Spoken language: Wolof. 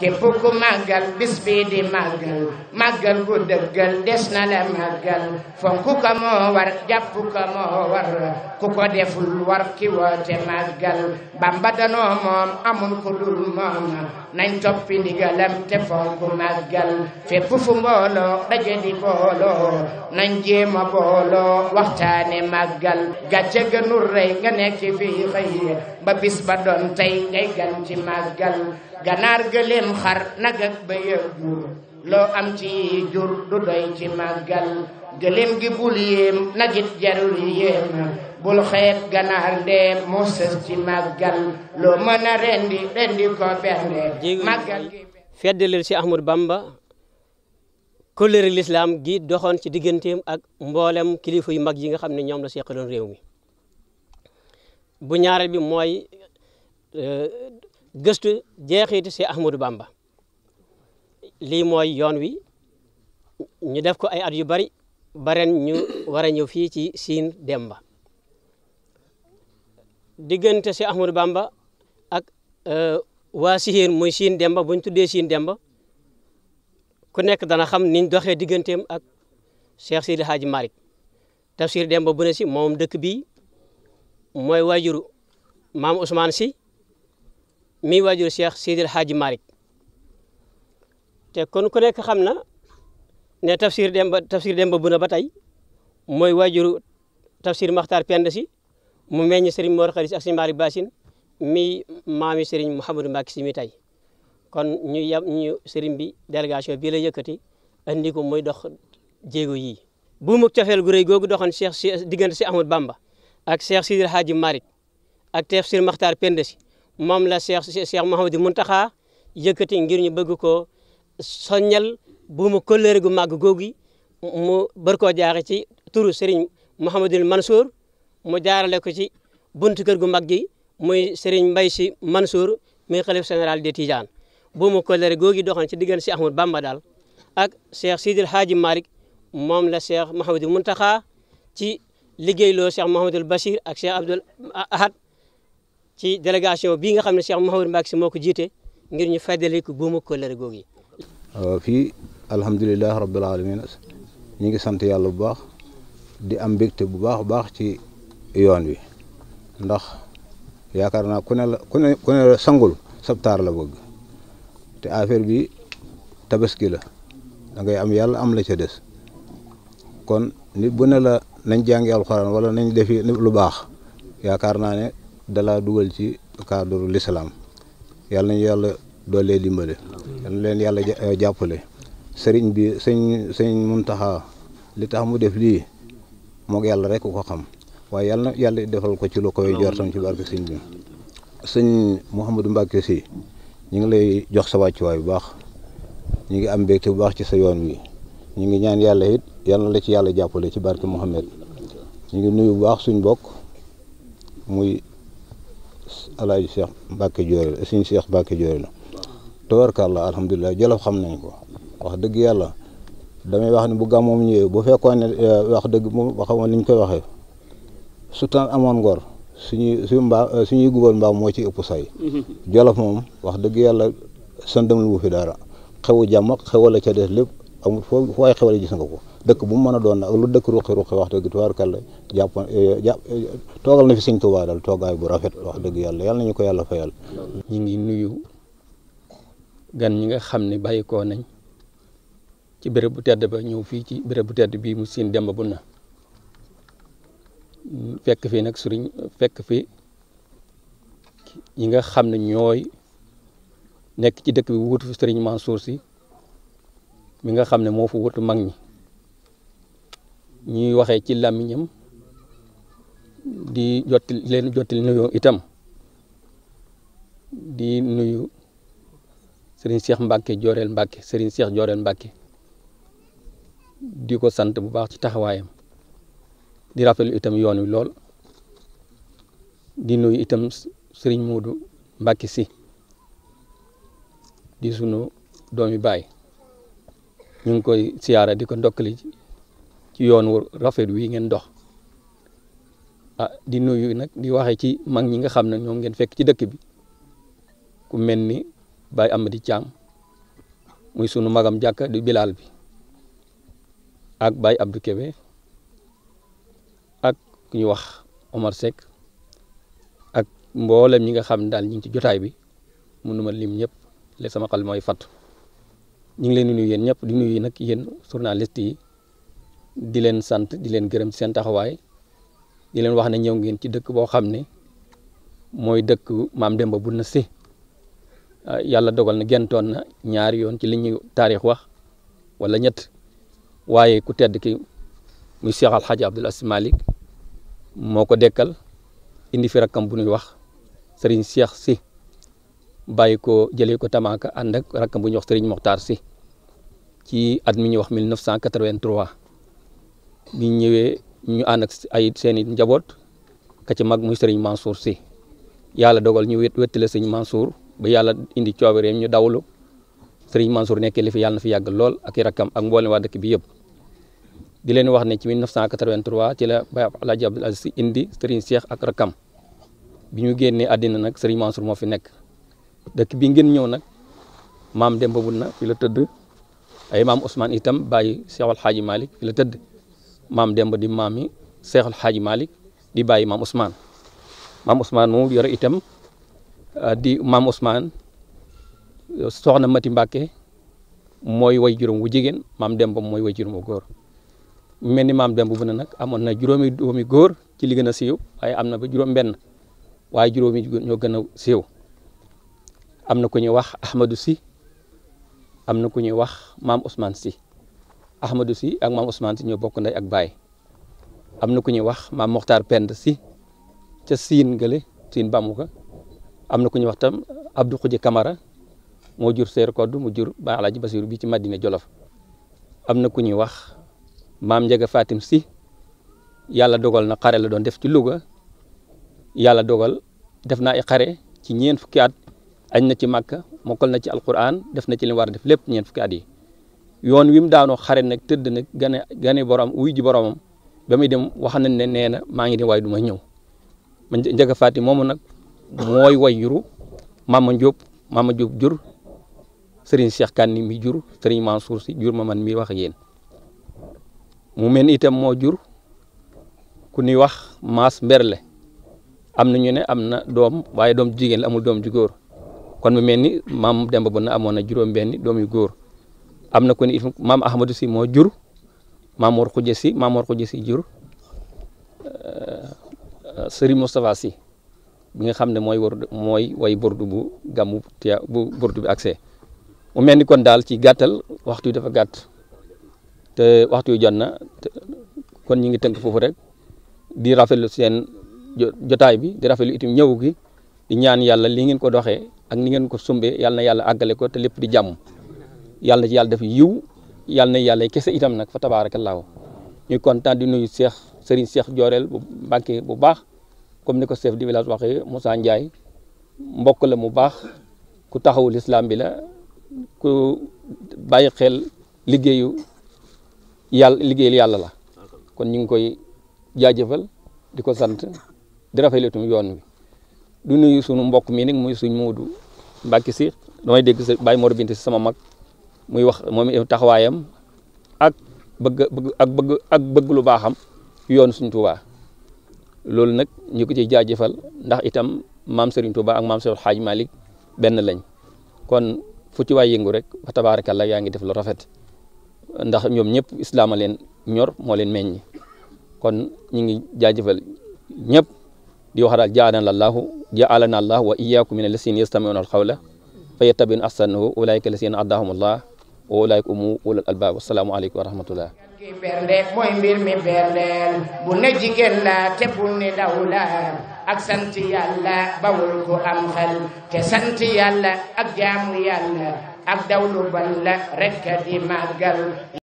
képp ku màggal bis bi di màggal màggal gu dëggal des na la màggal fonk ko moo war jàpp ko moo war ku ko deful war ki woote màggal Bamba moom amul ku dul moom nañ toppi ndigalam te fonk màggal fépp fu mbooloo daje di booloo nañ jéema booloo waxtaane màggal gàcce gënul rey nga nekk fii xëy ba bis ba doon tey ngay gan ci màggal ganaar gëléem xar nag ak bëy ak jur loo am ci jur du doy ci màggal gëléem gi bul yéem nagit jarul yéem bul xeeb ganaar ndee mu sës ci màggal loo mën a rendi rendi ko bernde màggal gi feddalil si Ahmadu Bamba kóllëre lislaam gi doxoon ci digganteem ak mboolem kilifa yu mag yi nga xam ne ñoom la seqaloon réew mi bu ñaare bi mooy euh, gëstu jeexitu si Ahmadou Bamba lii mooy yoon wi ñu def ko ay at yu bari baren ñu war a ñëw fii ci Sine Demba diggante si Ahmadou Bamba ak euh, waa Sihine muy Sine Demba buñ tuddee siin Demba ku nekk dana xam niñ doxee digganteem ak Cheikh Sidi Hadji Malick Tafsir Demba bu si moom dëkk bii mooy waajuru maam Ousmane si mi waajuru Cheikh Sidil Hadji marik te kon ku nekk xam na ne tafsir Demba tafsir Demba bu na ba tey mooy waajuru tafsir Makhtar Pend si mu meññ Serigne Mor Xaris ak Serigne Malick Bassine mi maami Serigne Mouhamadou Mbacké si mi tey kon ñu yab ñu Serigne bi délégation bii la yëkkati andi ko muy dox jéego yii. buumuk cofeel gu rëy googu doxoon Cheikh si diggante si Ahmad Bamba. ak Cheikh Sidil Hadji Malick ak Tafsir Makhtar Penda Sy moom la Cheikh Cheikh Mouhamadou Mountakha yëkkati ngir ñu bëgg koo soññal buumu kóllëre gu màgg googu mu bër koo jaare ci turu Serigne Mouhamadul Mansour mu jaarale ko ci buntu kër gu mag gi muy Serigne Mbaye Sy Mansour muy xalif général des Tidianes buumu kóllëre googu doxoon ci diggante si Ahmad Bamba daal ak Cheikh Sidil Hadji Malick moom la Cheikh Mouhamadou Mountakha ci loo Cheikh Mouhamadul Bachir ak Cheikh Abdoul Ahad ci délégation bii nga xam ne Cheikh Mouhamadou Mbacke si moo ko jiite ngir ñu fàttali ko buuma kóllëre googu yi. Euh, fii alhamdulilah rabbil alamin ñu ngi sant yàlla bu baax di am mbégte bu baax baax ci yoon wi ndax yaakaar naa ku ne la ku ne sangul sabtaar la bëgg te affaire bi tabaski la da ngay am yàlla am la ca des kon nit bu ne la. nañ jàngi alxuraan wala nañ defi lu baax yaakaar naa ne dalaa dugal ci cadre l'islam yàlla nañu yàlla doolee dimbale yal na leen yàlla euh, jàppale sëriñ bi sëñ sëñ Muntaxa li tax mu def lii moog yàlla rek ko xam waaye yàlla yàlla defal ko ci lu koy jortam ci barke siñ bi sëñ Mouhamadou Mbacke si ñu ngi lay jox sa wàccuwaay bu baax ñu ngi am mbégte bu baax ci sa yoon wi ñu ngi ñaan yàlla it yal la ci yàlla jàppale ci barke Mouhamed ñu ngi nuyu bu baax suñ bokk muy alaaji Cheikh Mbacke Dioré la suñ Cheikh Mbacke Dioré la tabarkàlla alhamdulilah jolof xam nañ ko wax dëgg yàlla damay wax ne bu gàmmoom ñëwee boo fekkoon ne eh, wax dëgg moom waxamoon ni ñu koy waxee su tan amoon ngor suñuy suñu mbaa eh, suñuy gubal mbaam moo ci ëpp say wax dëgg yàlla sëndam lu fi dara xew jàmm ak xewu ca des lépp amul foo foo ay xewale gis nga ko dëkk bu mu mën a doon ak lu dëkk ruqi ruqi wax dëgg tubaarkàlla jàpp eh, jàpp eh, toogal na fi sëñ Tuubaa daal toogaay bu rafet wax dëgg yàlla yàlla nañu ko yàlla fayal. ñu ngi nuyu gan ñi nga xam ne bàyyi koo nañ ci béréb bu tedd ba ñëw fii ci béréb bu tedd bii mu siin Demba na fekk fi nag suriñ fekk fi ñi nga xam ne ñooy nekk ci dëkk bi wuutu fi Sëriñ Mansour si mi nga xam ne moo fu wutu mag ñi ñuy waxe ci làmmiñam di jotti leen jottali nuyoo itam di nuyu Serigne seex Mbacke Joreel Mbacke Serigne seex Joreel Mbacke di ko sant bu baax ci taxawaayam di rafetlu itam yoon wi lool di nuyu itam Serigne Moodu mbakke si di sunu doomi baay ñu ngi koy siyaara di ko ndokkali ci yoon wu rafet wi ngeen dox ah di nuyu nag di waxee ci mag ñi nga xam ne ñoom ngeen fekk ci dëkk bi ku mel ni Baye Amady Thiam muy sunu magam jàkka di bilaal bi ak bay Abdou Kébé ak ku ñu wax Omar Seck ak mboolem ñi nga xam ne daal ñu ngi ci jotaay bi ma lim ñëpp le sama xal mooy ñu ngi leen di nuyu yéen ñëpp di nuyu nag yéen journaliste yi di leen sant di leen gërëm seen taxawaay di leen wax ne ñëw ngeen ci dëkk boo xam ne mooy dëkk maam Demba Bouna Sy ah, yàlla dogal na gentoon na ñaari yoon ci li ñuy taarix wax wala ñett waaye ku tedd ki muy Cheikh Al Hadj Abdoul Aziz moo ko dekkal indi fi rakkam bu ñuy wax Serigne Cheikh Sy. bàyyi ko jëlee ko Tamaaka ànd ak rakkam bu ñuy wax Serigne Mokhtar si ci at mi ñuy wax 1983 bi ñu ñëwee ñu ànd ak ay seen njaboot ka ci mag muy Serigne Mansour si yàlla dogal ñu wét wéttale sëñ Mansour ba yàlla indi coobareem ñu dawlu Serigne Mansour nekkee li fi yàlla na fi yàgg lool ak i rakkam ak mboolem waa dëkk bi yëpp. di leen wax ne ci 1983 ci la Baye Alaaji la Aziz si indi Serigne seex ak rakkam bi ñu génnee àddina nag Serigne Mansour moo fi nekk. dëkk bi ngeen ñëw nag maam Demba Bun na la tëdd ay maam Ousmane itam bàyyi Cheikh El Hadj Malick la tëdd maam Demba di maam yi Cheikh malik di bàyyi maam Ousmane maam Ousmane moom yore itam ah, di maam Ousmane soxna Mati Mbàkke mooy way juróom wu jigéen maam Demba mooy way juróom wu góor mel ni maam Demba Bun na nag amoon na juróomi doomi góor ci li gën siiw waaye am na ba juróom benn waaye juróomi ñoo gën a siiw am na ku ñuy wax Ahmadou si am na ku ñuy wax maam Ousmane Sy Ahmadou si ak maam Ousmane Sy ñoo bokk ndey ak baay am na ku ñuy wax maam Mokhtar Pend si ca Siin gële Siin Bamuka am na ku ñuy wax tam Abdou Khoudia kamara moo jur Seer Kodd mu jur Baay Alaaji Basiru bi ci Madina Jolof am na ku ñuy wax maam Njega Fatim si yàlla dogal na xare la doon def ci Louga yàlla dogal def naa ay xare ci ñeent fukki at añ na ci màkka mokkal na ci alquran def na ci li war def lépp ñeent yoon wi mu daanoo xare nag tëdd nag gane gane borom wuy ji boromam ba muy dem wax nañ ne nee na maa ngi dem waaye duma ñëw man njëkk a fàtti moomu nag mooy way juru Mama Diop Mama Diop jur Serigne Cheikh Kani mi jur Serigne suur si jur ma man mi wax ak mu mel ni itam moo jur ku ñuy wax maas mberle am na ñu ne am na doom waaye doom jigéen la amul doom ju góor kon mu mel ni maam Demba na amoon na juróom-benni doom yu góor am na ko ni maam Ahmadou si moo jur maam Mor Khoudia si maam Mor Khoudia si jur euh, euh, Serigne Moustapha si nga xam ne mooy war mooy way burdu bu gàmmu tiya bu burdu bi accès mu mel ni kon daal ci gàttal waxtu yi dafa gàtt te waxtu yu jot na kon ñu ngi tënk foofu rek di rafetlu seen jotaay bi di rafetlu itim ñëw gi di ñaan yàlla lii ngeen ko doxee ak ni ngeen ko sumbee yàlla na yàlla àggale ko te lépp di jàmm yàlla na ci yàlla def yiw yàlla kese itam nag fa tabaarakallaahu ñuy kontaan di nuyu Cheikh Serigne seex Jooreel bu Mbàkke bu baax comme ni ko chef du village waxee Moussa Ndiaye mbokk la mu baax ku taxawul lislam bi la ku bàyyi xel liggéeyu yàlla liggéeyal yàlla la kon ñu ngi koy jaajëfal di ko sant di rafetlu itam yoon wi du nuyu sunu mbokk mi nag muy suñ muudu Mbacke si damay dégg sa Baye Mor Binta si sama mag muy wax moom taxawaayam ak bëgg bëgg ak bëgg ak bëgg lu baaxam yoon suñ Touba loolu nag ñu ko ciy jaajëfal ndax itam maam seriñ Touba ak maam Serigne Hadj Malick benn lañ kon fu ci waay yëngu rek fa tabaarakàlla yaa ngi def lu rafet ndax ñoom ñëpp islaama leen ñor moo leen meññ kon ñu ngi jaajëfal ñëpp. di wax daal jaalana allahu jaalana allah wa iyyakum min allasina yastamiuna alqawla fa yattabiuna ahsanahu ulaika allasina adahum allah wa ulaika umu ulul albab assalaamu aleykum wa rahmatullah ki bernde mooy mbir mi berndeel bu ne jigéen la te bul ne daw la ak sant yàlla bawul ko am xel te sant yàlla ak jaamu yàlla ak dawlu ban la rekk di màggal